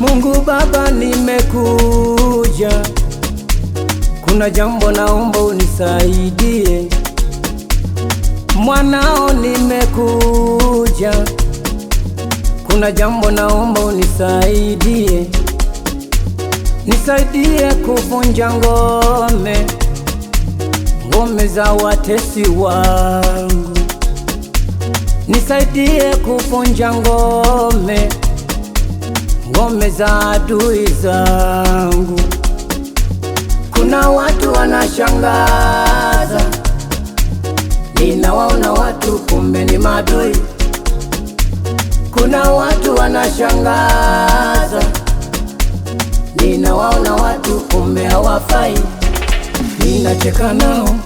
Mungu Baba, nimekuja, kuna jambo naomba unisaidie. Mwanao nimekuja kuna jambo naomba unisaidie, nisaidie kuvunja ngome, ngome za watesi wangu, nisaidie kuvunja ngome, ngome za adui zangu. Kuna watu wanashangaza, ninawaona watu kumbe ni madui kuna watu wanashangaza, ninawaona watu kumbe hawafai. Ninacheka nao,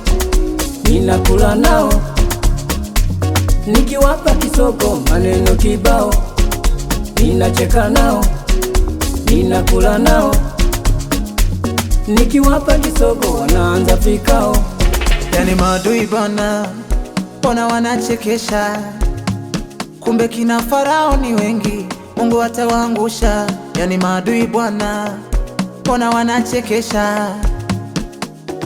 ninakula nao, nikiwapa kisoko maneno kibao. Ninacheka nao, ninakula nao, nikiwapa kisoko wanaanza fikao. Yani maduibana bana, wanachekesha kumbe kina Farao ni wengi, Mungu atawaangusha, yani maadui Bwana, mbona wanachekesha?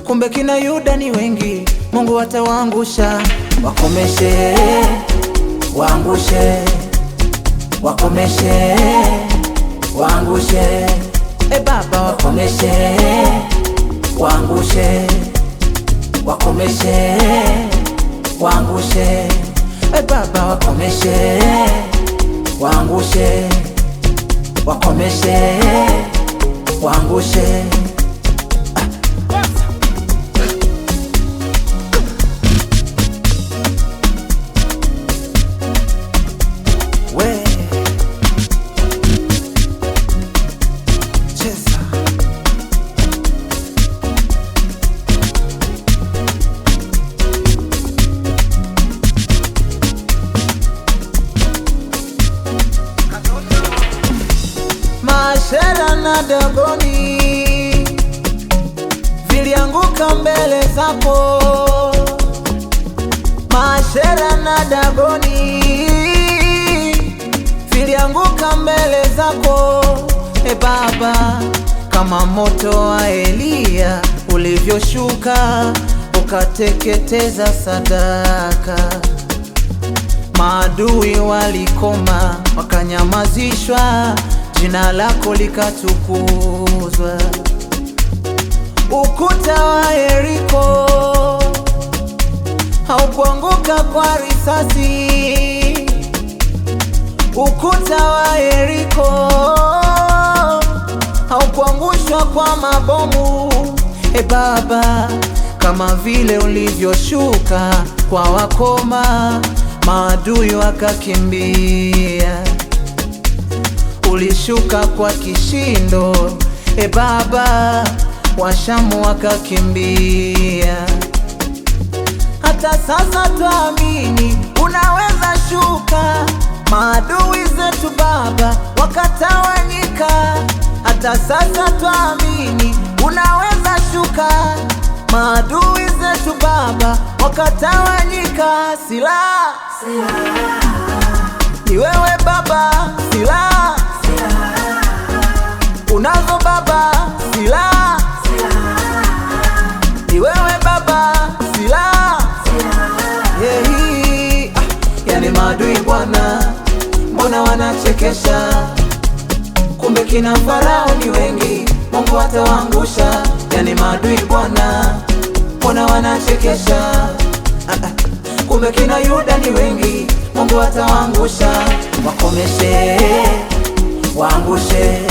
Kumbe kina Yuda ni wengi, Mungu atawaangusha. Wakomeshe, waangushe, wakomeshe, waangushe, e Baba, wakomeshe, waangushe, wakomeshe, waangushe Et papa va commencer, va enroucher, va commencer. dagoni vilianguka mbele zako, Maashera na dagoni vilianguka mbele zako. E Baba, kama moto wa Eliya ulivyoshuka ukateketeza sadaka, maadui walikoma wakanyamazishwa jina lako likatukuzwa. Ukuta wa Yeriko haukuanguka kwa risasi, ukuta wa Yeriko haukuangushwa kwa mabomu. E Baba, kama vile ulivyoshuka kwa wakoma, maadui wakakimbia ulishuka kwa kishindo, e Baba, washamu wakakimbia. Hata sasa tuamini unaweza shuka, maadui zetu Baba wakatawanyika. Hata sasa tuamini unaweza shuka, maadui zetu Baba wakatawanyika. Silaha ni wewe Baba, silaha unazo baba sila ni wewe baba sila yeah, ah, yani maadui bwana, mbona wanachekesha? Kumbe kina Farao ni wengi, Mungu atawaangusha. Yani maadui bwana, mbona wanachekesha? Ah, ah, kumbe kina Yuda ni wengi, Mungu atawaangusha. Wakomeshe, waangushe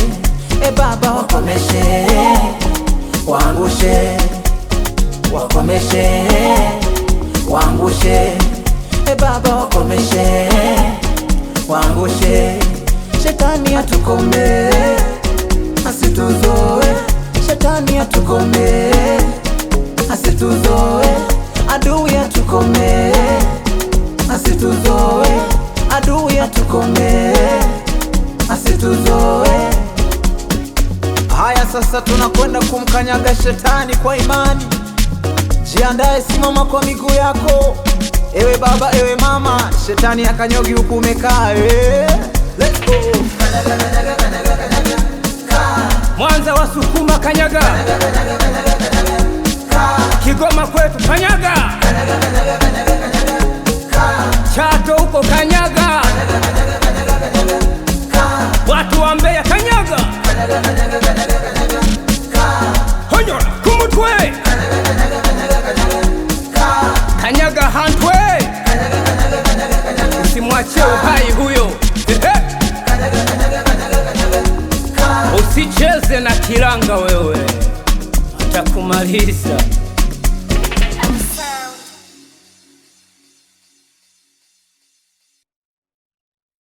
wakomeshe, waangushe, wakomeshe, waangushe, e Baba wakomeshe, waangushe, shetani atukome, asituzoe, shetani atukome Haya sasa, tunakwenda kumkanyaga shetani kwa imani. Jiandae, simama kwa miguu yako, ewe baba, ewe mama. Shetani akanyogi huku umekaa, eh, let's go. Mwanza kanyaga, Kigoma kwetu kanyaga, Chato huko kanyaga Cheze na kiranga wewe, atakumaliza.